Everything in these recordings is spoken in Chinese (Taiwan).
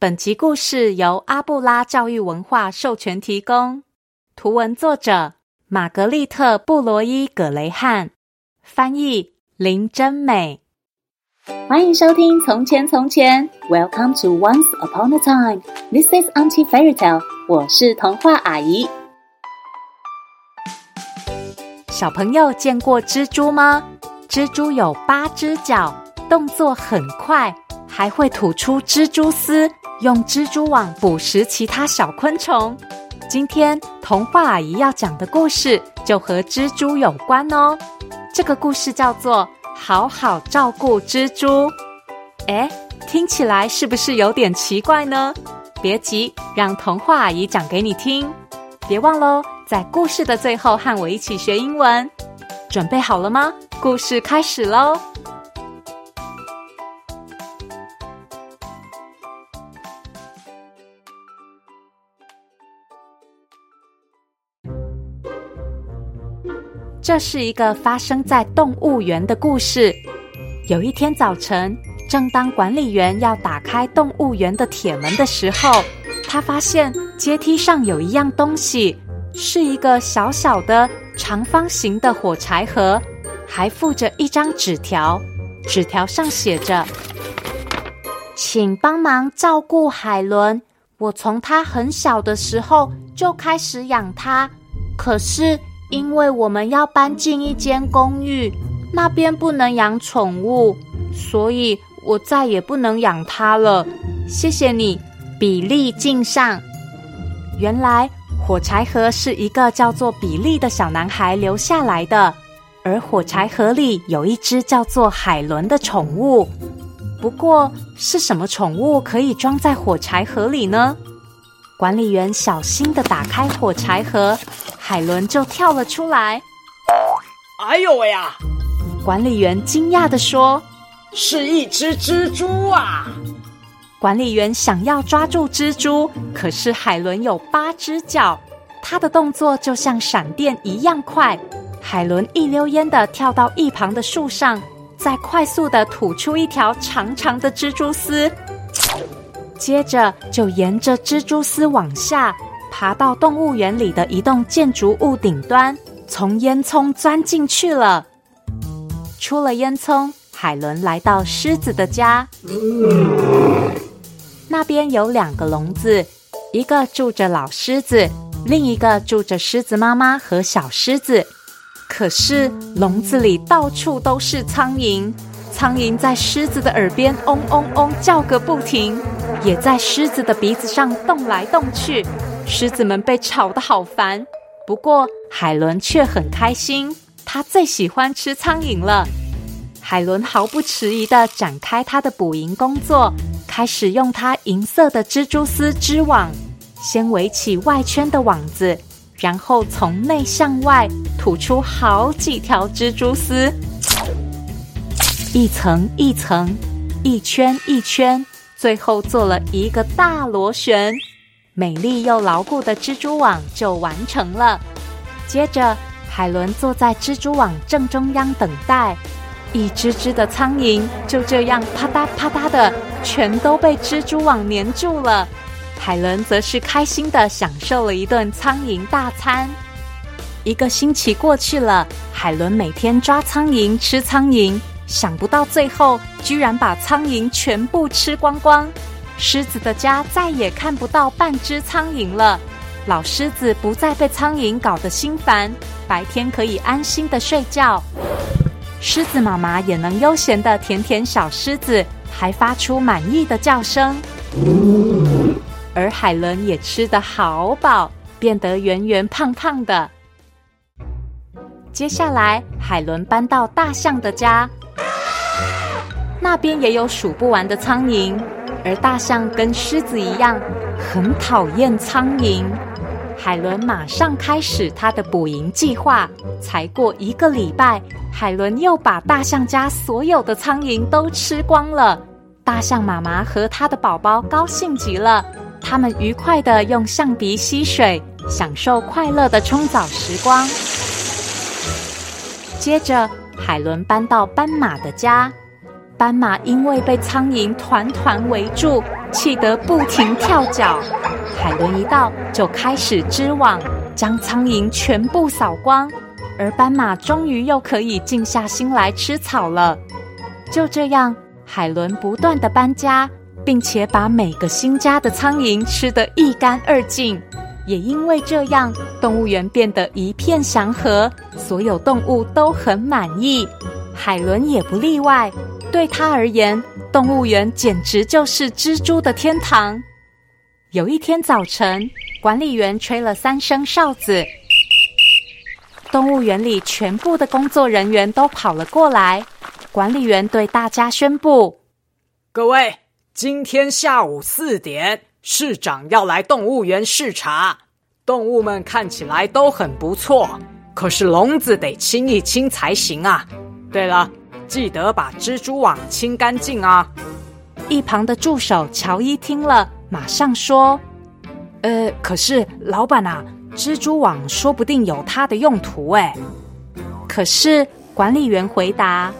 本集故事由阿布拉教育文化授權提供，圖文作者瑪格麗特·布羅伊·葛雷漢，翻譯林真美。歡迎收聽《從前從前》，Welcome to Once Upon a Time，This is Auntie Fairy Tale，我是童話阿姨。小朋友見過蜘蛛嗎？蜘蛛有八隻腳，動作很快，還會吐出蜘蛛絲。用蜘蛛網捕食其他小昆蟲。今天童話阿姨要講的故事就和蜘蛛有關哦。這個故事叫做《好好照顧蜘蛛》。誒，聽起來是不是有點奇怪呢？別急，讓童話阿姨講給你聽。別忘嘍，在故事的最後和我一起學英文。準備好了嗎？故事開始嘍。這是一個發生在動物園的故事。有一天早晨，正當管理員要打開動物園的鐵門的時候，他發現階梯上有一樣東西，是一個小小的長方形的火柴盒，還附着一張紙條。紙條上寫着：“請幫忙照顧海倫，我從她很小的時候就開始養她，可是。”因為我們要搬進一間公寓，那邊不能養寵物，所以我再也不能養它了。謝謝你，比利敬上。原來火柴盒是一個叫做比利的小男孩留下來的，而火柴盒裡有一隻叫做海倫的寵物。不過是什麼寵物可以裝在火柴盒裡呢？管理員小心的打開火柴盒，海倫就跳了出來。哎呦喂呀！管理員驚訝的說：“是一隻蜘蛛啊！”管理員想要抓住蜘蛛，可是海倫有八隻腳，它的動作就像閃電一樣快。海倫一溜煙的跳到一旁的樹上，再快速的吐出一條長長的蜘蛛絲。接着就沿着蜘蛛絲往下爬到動物園裡的一棟建築物頂端，從煙囪鑽進去了。出了煙囪，海倫來到獅子的家。嗯、那邊有兩個籠子，一個住着老獅子，另一個住着獅子媽媽和小獅子。可是籠子裡到處都是蒼蠅，蒼蠅在獅子的耳邊嗡嗡嗡叫個不停。也在獅子的鼻子上動來動去，獅子們被吵得好煩。不過海倫卻很開心，它最喜歡吃蒼蠅了。海倫毫不遲疑地展開它的捕蠅工作，開始用它銀色的蜘蛛絲織網，先圍起外圈的網子，然後從內向外吐出好幾條蜘蛛絲，一層一層，一圈一圈。最後做了一個大螺旋，美麗又牢固的蜘蛛網就完成了。接着，海倫坐在蜘蛛網正中央等待，一隻隻的蒼蠅就這樣啪嗒啪嗒的全都被蜘蛛網粘住了。海倫則是開心的享受了一頓蒼蠅大餐。一個星期過去了，海倫每天抓蒼蠅吃蒼蠅。想不到最後，居然把蒼蠅全部吃光光，獅子的家再也看不到半隻蒼蠅了。老獅子不再被蒼蠅搞得心煩，白天可以安心的睡覺。獅子媽媽也能悠閒的舔舔小獅子，還發出滿意的叫聲。而海倫也吃得好飽，變得圓圓胖胖的。接下來，海倫搬到大象的家。那邊也有數不完的蒼蠅，而大象跟獅子一樣，很討厭蒼蠅。海倫馬上開始她的捕蠅計劃。才過一個禮拜，海倫又把大象家所有的蒼蠅都吃光了。大象媽媽和他的寶寶高興極了，他們愉快的用象鼻吸水，享受快樂的沖澡時光。接着，海倫搬到斑馬的家。斑馬因為被蒼蠅團團圍住，氣得不停跳腳。海倫一到就開始織網，將蒼蠅全部掃光，而斑馬終於又可以靜下心來吃草了。就這樣，海倫不斷地搬家，並且把每個新家的蒼蠅吃得一乾二淨。也因為這樣，動物園變得一片祥和，所有動物都很滿意，海倫也不例外。對他而言，動物園簡直就是蜘蛛的天堂。有一天早晨，管理員吹了三聲哨子，動物園裡全部的工作人員都跑了過來。管理員對大家宣布：“各位，今天下午四點，市長要來動物園視察。動物們看起來都很不錯，可是籠子得清一清才行啊。對了。”記得把蜘蛛網清乾淨啊！一旁的助手喬伊聽了，馬上說：“呃，可是老板啊，蜘蛛網說不定有它的用途哎。”可是管理員回答：“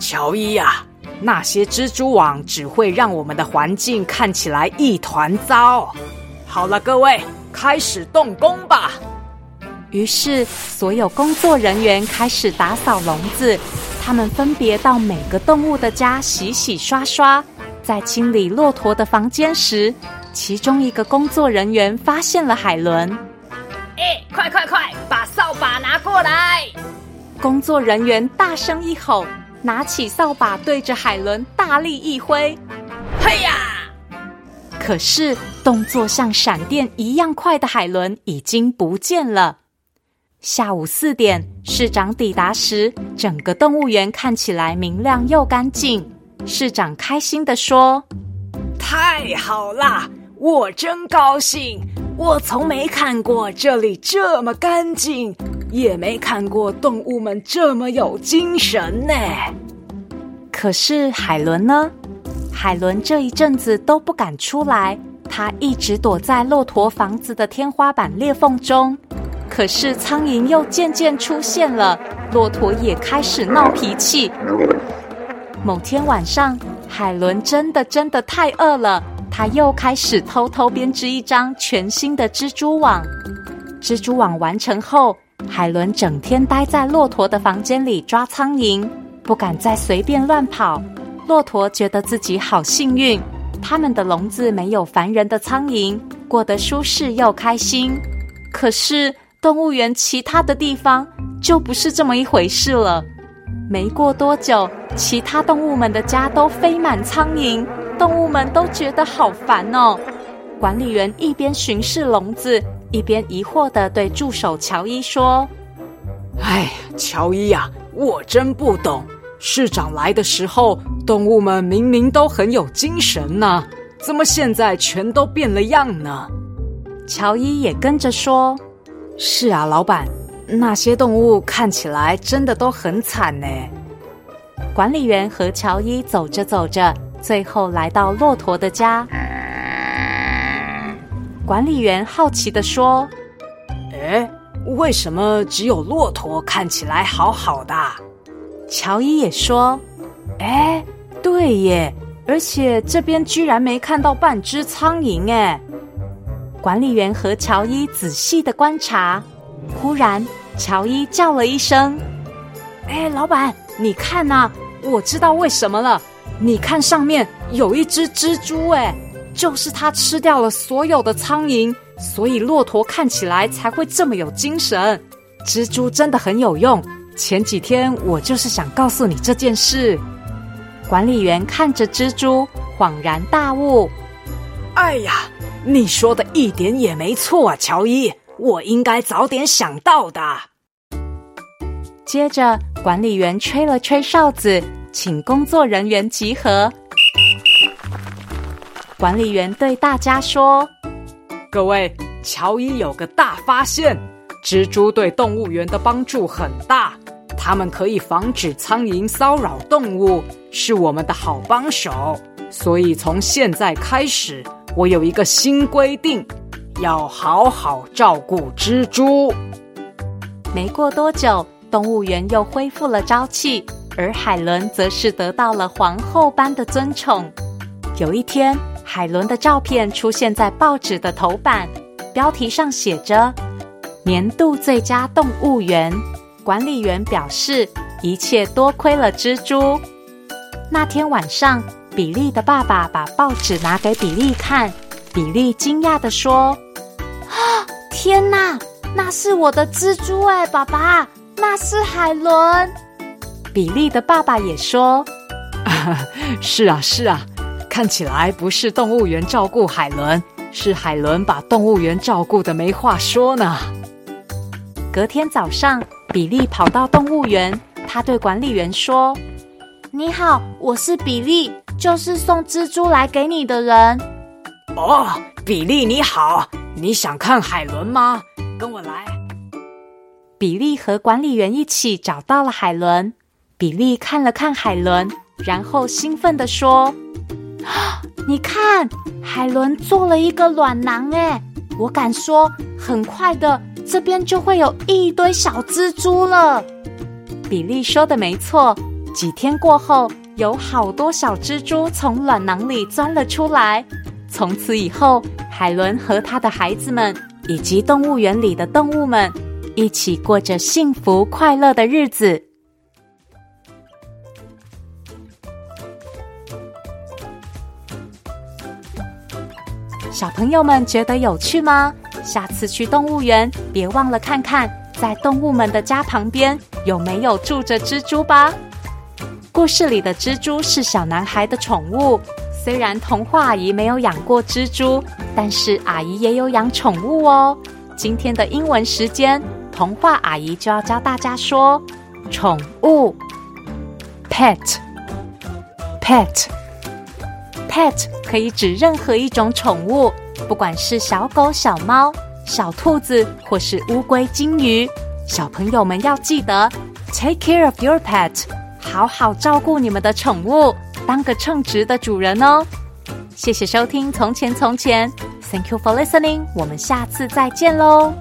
喬伊呀、啊，那些蜘蛛網只會讓我們的環境看起來一團糟。好了，各位，開始動工吧！”於是，所有工作人員開始打掃籠子。他們分別到每個動物的家洗洗刷刷，在清理駱駝的房間時，其中一個工作人員發現了海倫。哎、欸，快快快，把掃把拿過來！工作人員大聲一吼，拿起掃把對着海倫大力一揮，嘿呀！可是動作像閃電一樣快的海倫已經不見了。下午四點，市長抵達時，整個動物園看起來明亮又乾淨。市長開心地說：“太好啦，我真高興。我從沒看過這裡這麼乾淨，也沒看過動物們這麼有精神呢。”可是海倫呢？海倫這一陣子都不敢出來，她一直躲在駱駝房子的天花板裂縫中。可是蒼蠅又漸漸出現了，駱駝也開始鬧脾氣。某天晚上，海倫真的真的太餓了，他又開始偷偷編織一張全新的蜘蛛網。蜘蛛網完成後，海倫整天待在駱駝的房間裡抓蒼蠅，不敢再隨便亂跑。駱駝覺得自己好幸運，他們的籠子沒有煩人的蒼蠅，過得舒適又開心。可是，動物園其他的地方就不是這麼一回事了。沒過多久，其他動物們的家都飛滿蒼蠅，動物們都覺得好煩哦。管理員一邊巡視籠子，一邊疑惑地對助手喬伊說：“哎，喬伊呀、啊，我真不懂，市長來的時候，動物們明明都很有精神呢、啊，怎麼現在全都變了樣呢？”喬伊也跟着說。是啊，老闆，那些動物看起來真的都很慘呢。管理員和喬伊走着走着，最後來到駱駝的家。嗯、管理員好奇的說：“哎，為什麼只有駱駝看起來好好的？”喬伊也說：“哎，對耶，而且這邊居然沒看到半隻蒼蠅耶，哎。”管理員和喬伊仔細的觀察，忽然，喬伊叫了一聲：“哎，老闆，你看吶、啊，我知道為什麼了。你看上面有一隻蜘蛛，哎，就是它吃掉了所有的蒼蠅，所以駱駝看起來才會這麼有精神。蜘蛛真的很有用。前幾天我就是想告訴你這件事。”管理員看着蜘蛛，恍然大悟：“哎呀！”你說的一點也沒錯啊，喬伊，我應該早點想到的。接着，管理員吹了吹哨子，請工作人員集合。管理員對大家說：“各位，喬伊有個大發現，蜘蛛對動物園的幫助很大，它們可以防止蒼蠅騷擾動物，是我們的好幫手。所以，從現在開始。”我有一個新規定，要好好照顧蜘蛛。沒過多久，動物園又恢復了朝氣，而海倫則是得到了皇后般的尊寵。有一天，海倫的照片出現在報紙的頭版，標題上寫着“年度最佳動物園”。管理員表示，一切多虧了蜘蛛。那天晚上，比利的爸爸把報紙拿給比利看，比利驚訝地說：“啊，天哪，那是我的蜘蛛哎，爸爸，那是海倫。”比利的爸爸也說、啊：“是啊，是啊，看起來不是動物園照顧海倫，是海倫把動物園照顧的沒話說呢。”隔天早上，比利跑到動物園，他對管理員說：“你好，我是比利。”就是送蜘蛛來給你的人哦。比利你好，你想看海倫嗎？跟我來。比利和管理員一起找到了海倫。比利看了看海倫，然後興奮地說：“啊、你看，海倫做了一個卵囊，誒，我敢說，很快的這邊就會有一堆小蜘蛛了。”比利說的沒錯，幾天過後。有好多小蜘蛛從卵囊裡鑽了出來。從此以後，海倫和她的孩子們，以及動物園裡的動物們，一起過着幸福快樂的日子。小朋友們覺得有趣嗎？下次去動物園，別忘了看看，在動物們的家旁邊有沒有住着蜘蛛吧。故事裡的蜘蛛是小男孩的寵物。雖然童話阿姨沒有養過蜘蛛，但是阿姨也有養寵物哦。今天的英文時間，童話阿姨就要教大家說“寵物 ”（pet，pet，pet） pet. Pet 可以指任何一種寵物，不管是小狗、小貓、小兔子，或是烏龜、金魚。小朋友們要記得 take care of your pet。好好照顧你們的寵物，當個稱職的主人哦！謝謝收聽《從前從前》，Thank you for listening。我們下次再見嘍！